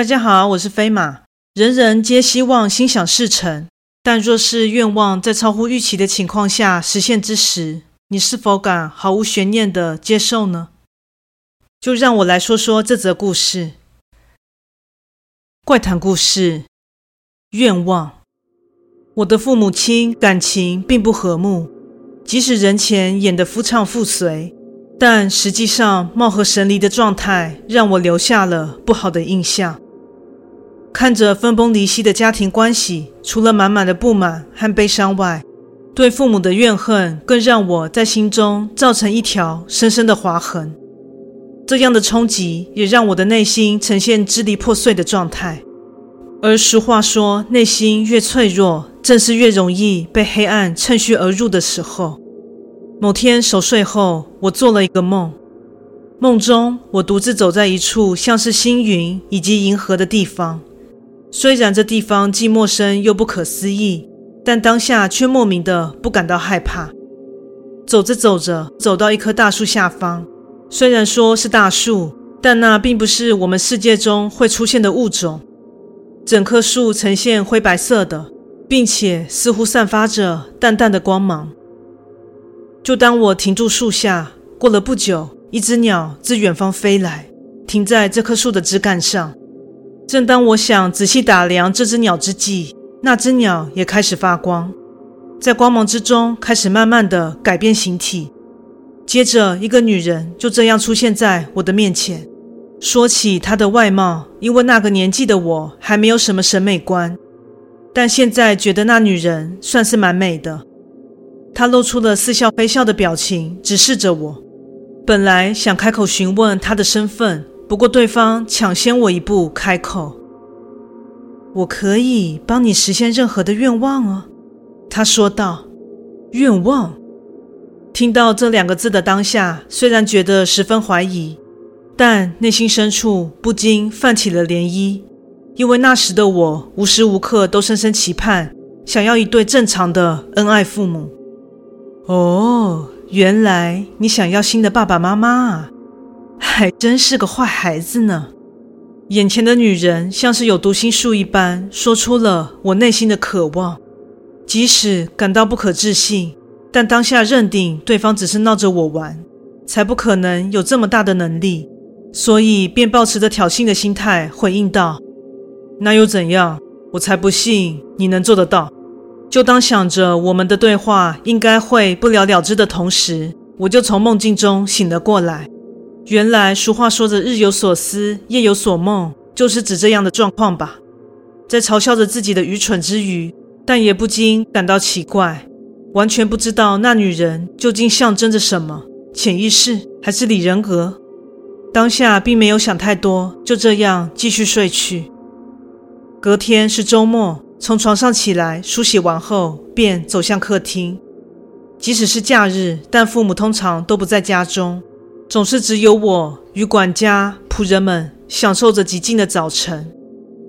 大家好，我是飛馬。人人皆希望心想事成，但若是願望在超乎預期的情況下實現之時，你是否敢毫無懸念地接受呢？就讓我來說說這則故事。怪談故事，願望。我的父母親感情並不和睦，即使人前演得夫唱婦隨，但實際上貌合神離的狀態讓我留下了不好的印象。看着分崩離析的家庭關係，除了滿滿的不滿和悲傷外，對父母的怨恨更讓我在心中造成一條深深的劃痕。這樣的衝擊也讓我的內心呈現支離破碎的狀態。而俗話說，內心越脆弱，正是越容易被黑暗趁虛而入的時候。某天熟睡後，我做了一個夢，夢中我獨自走在一處像是星雲以及銀河的地方。雖然這地方既陌生又不可思議，但當下卻莫名的不感到害怕。走着走着，走到一棵大樹下方。雖然說是大樹，但那並不是我們世界中會出現的物種。整棵樹呈現灰白色的，並且似乎散發着淡淡的光芒。就當我停住樹下，過了不久，一隻鳥自遠方飛來，停在這棵樹的枝幹上。正當我想仔細打量這隻鳥之際，那隻鳥也開始發光，在光芒之中開始慢慢的改變形體。接着，一個女人就這樣出現在我的面前。說起她的外貌，因為那個年紀的我還沒有什麼審美觀，但現在覺得那女人算是蠻美的。她露出了似笑非笑的表情，直視著我。本來想開口詢問她的身份。不過，對方搶先我一步開口：“我可以幫你實現任何的願望啊。”他說道。願望，聽到這兩個字的當下，雖然覺得十分懷疑，但內心深處不禁泛起了漣漪，因為那時的我無時無刻都深深期盼，想要一對正常的恩愛父母。哦，原來你想要新的爸爸媽媽啊！還真是個壞孩子呢！眼前的女人像是有讀心術一般，說出了我內心的渴望。即使感到不可置信，但當下認定對方只是鬧着我玩，才不可能有這麼大的能力，所以便抱持着挑釁的心態回應道：“那又怎樣？我才不信你能做得到。”就當想着我們的對話應該會不了了之的同時，我就從夢境中醒了過來。原來俗話說着“日有所思，夜有所夢”，就是指這樣的狀況吧？在嘲笑着自己的愚蠢之餘，但也不禁感到奇怪，完全不知道那女人究竟象徵着什麼，潛意識還是裏人格？當下並沒有想太多，就這樣繼續睡去。隔天是周末，從床上起來，梳洗完後便走向客廳。即使是假日，但父母通常都不在家中。總是只有我與管家僕人們享受着寂靜的早晨。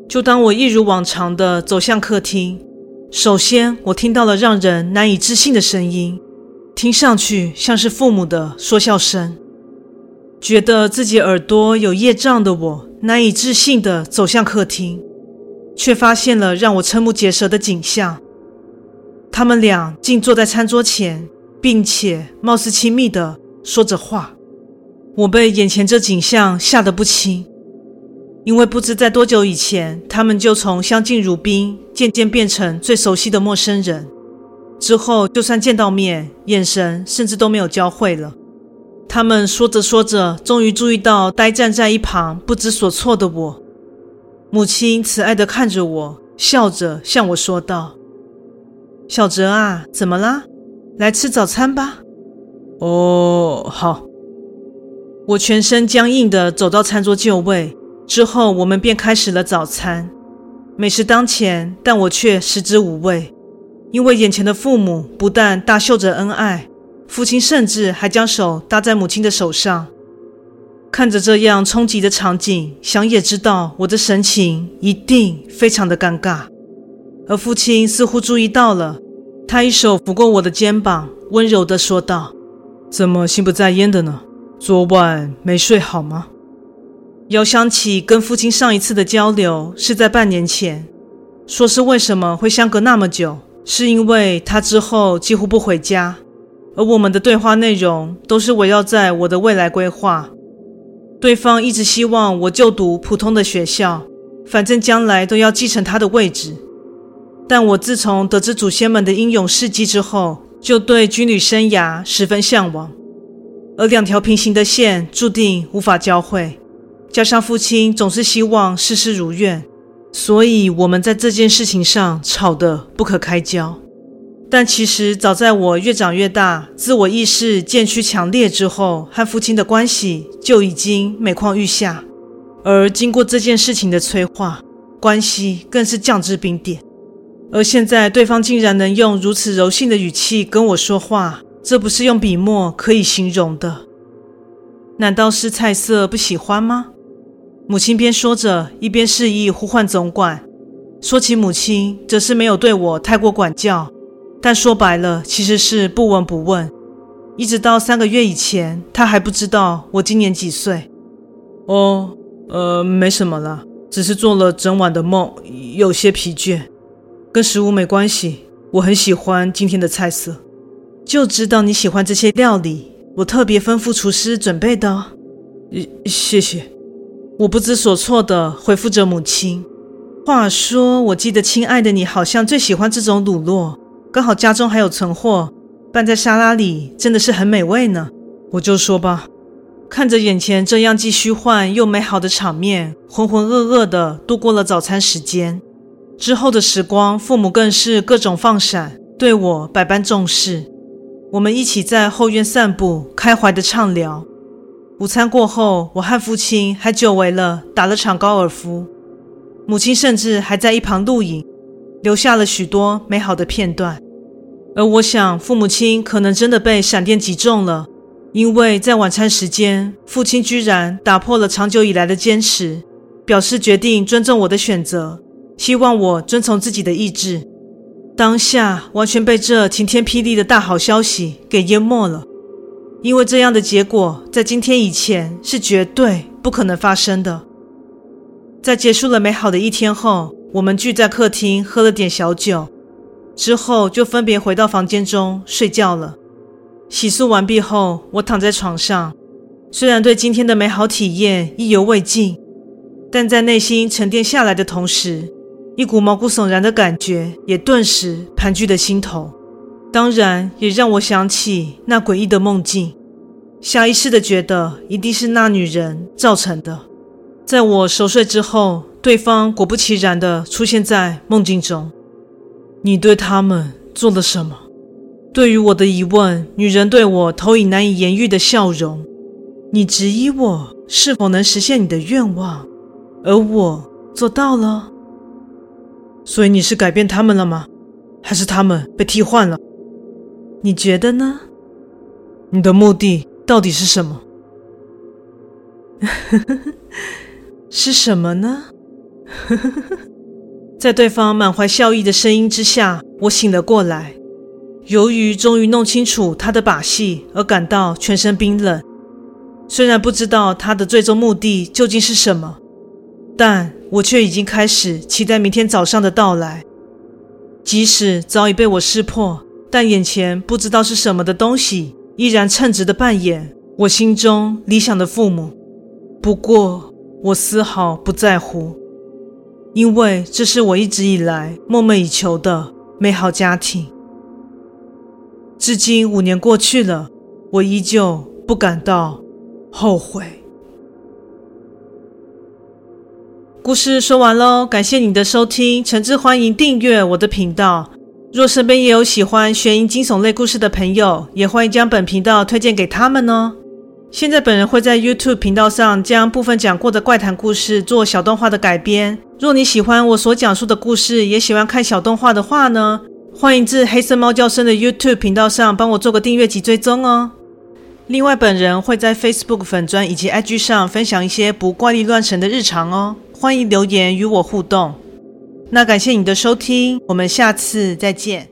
就當我一如往常的走向客廳，首先我聽到了讓人難以置信的聲音，聽上去像是父母的說笑聲。覺得自己耳朵有業障的我，難以置信的走向客廳，卻發現了讓我瞠目結舌的景象：他們倆竟坐在餐桌前，並且貌似親密的說着話。我被眼前這景象嚇得不輕，因為不知在多久以前，他們就從相敬如賓漸漸變成最熟悉的陌生人。之後，就算見到面，眼神甚至都沒有交匯了。他們說着說着，終於注意到呆站在一旁不知所措的我。母親慈愛地看着我，笑着向我說道：“小哲啊，怎麼啦？來吃早餐吧。”“哦，好。”我全身僵硬地走到餐桌就位，之後我們便開始了早餐。美食當前，但我卻食之無味，因為眼前的父母不但大秀着恩愛，父親甚至還將手搭在母親的手上。看着這樣衝擊的場景，想也知道我的神情一定非常的尷尬。而父親似乎注意到了，他一手撫過我的肩膀，溫柔地說道：“怎麼心不在焉的呢？”昨晚沒睡好嗎？遙想起跟父親上一次的交流是在半年前，說是為什麼會相隔那麼久，是因為他之後幾乎不回家，而我們的對話內容都是圍繞在我的未來規劃。對方一直希望我就讀普通的學校，反正將來都要繼承他的位置。但我自從得知祖先們的英勇事蹟之後，就對軍旅生涯十分向往。而兩條平行的線註定無法交匯，加上父親總是希望事事如願，所以我們在這件事情上吵得不可開交。但其實早在我越長越大、自我意識漸趨強烈之後，和父親的關係就已經每況愈下。而經過這件事情的催化，關係更是降至冰點。而現在，對方竟然能用如此柔性的語氣跟我說話。這不是用筆墨可以形容的。難道是菜色不喜歡嗎？母親邊說着，一邊示意呼喚總管。說起母親，則是沒有對我太過管教，但說白了，其實是不聞不問。一直到三個月以前，她還不知道我今年幾歲。哦，呃，沒什麼了，只是做了整晚的夢，有些疲倦，跟食物沒關係。我很喜歡今天的菜色。就知道你喜歡這些料理，我特別吩咐廚師準備的哦。謝謝。我不知所措的回復着母親。話說，我記得親愛的你好像最喜歡這種滷肉，剛好家中還有存貨，拌在沙拉裡真的是很美味呢。我就說吧。看着眼前這樣既虛幻又美好的場面，渾渾噩噩的度過了早餐時間。之後的時光，父母更是各種放閃，對我百般重視。我們一起在後院散步，開懷地暢聊。午餐過後，我和父親還久違了打了場高爾夫，母親甚至還在一旁錄影，留下了許多美好的片段。而我想，父母親可能真的被閃電擊中了，因為在晚餐時間，父親居然打破了長久以來的堅持，表示決定尊重我的選擇，希望我遵從自己的意志。當下完全被這晴天霹靂的大好消息給淹沒了，因為這樣的結果在今天以前是絕對不可能發生的。在結束了美好的一天後，我們聚在客廳喝了點小酒，之後就分別回到房間中睡覺了。洗漱完畢後，我躺在床上，雖然對今天的美好體驗意猶未盡，但在內心沉澱下來的同時，一股毛骨悚然的感覺也頓時盤踞在心頭，當然也讓我想起那詭異的夢境，下意識的覺得一定是那女人造成的。在我熟睡之後，對方果不其然的出現在夢境中。你對他們做了什麼？對於我的疑問，女人對我投以難以言喻的笑容。你質疑我是否能實現你的願望，而我做到了。所以你是改變他們了嗎？還是他們被替換了？你覺得呢？你的目的到底是什麼？ 是什麼呢？ 在對方滿懷笑意的聲音之下，我醒了過來。由於終於弄清楚他的把戲而感到全身冰冷。雖然不知道他的最終目的究竟是什麼。但我卻已經開始期待明天早上的到來，即使早已被我識破，但眼前不知道是什麼的東西，依然稱職的扮演我心中理想的父母。不過我絲毫不在乎，因為這是我一直以來夢寐以求的美好家庭。至今五年過去了，我依舊不感到後悔。故事說完嘍，感謝你的收聽，誠摯歡迎訂閱我的頻道。若身邊也有喜歡懸疑驚悚類故事的朋友，也歡迎將本頻道推薦給他們哦。現在本人會在 YouTube 頻道上將部分講過的怪談故事做小動畫的改編。若你喜歡我所講述的故事，也喜歡看小動畫的話呢，歡迎至黑色貓叫聲的 YouTube 頻道上幫我做個訂閱及追蹤哦。另外，本人會在 Facebook 粉專以及 IG 上分享一些不怪力亂神的日常哦。歡迎留言與我互動。那感謝你的收聽，我們下次再見。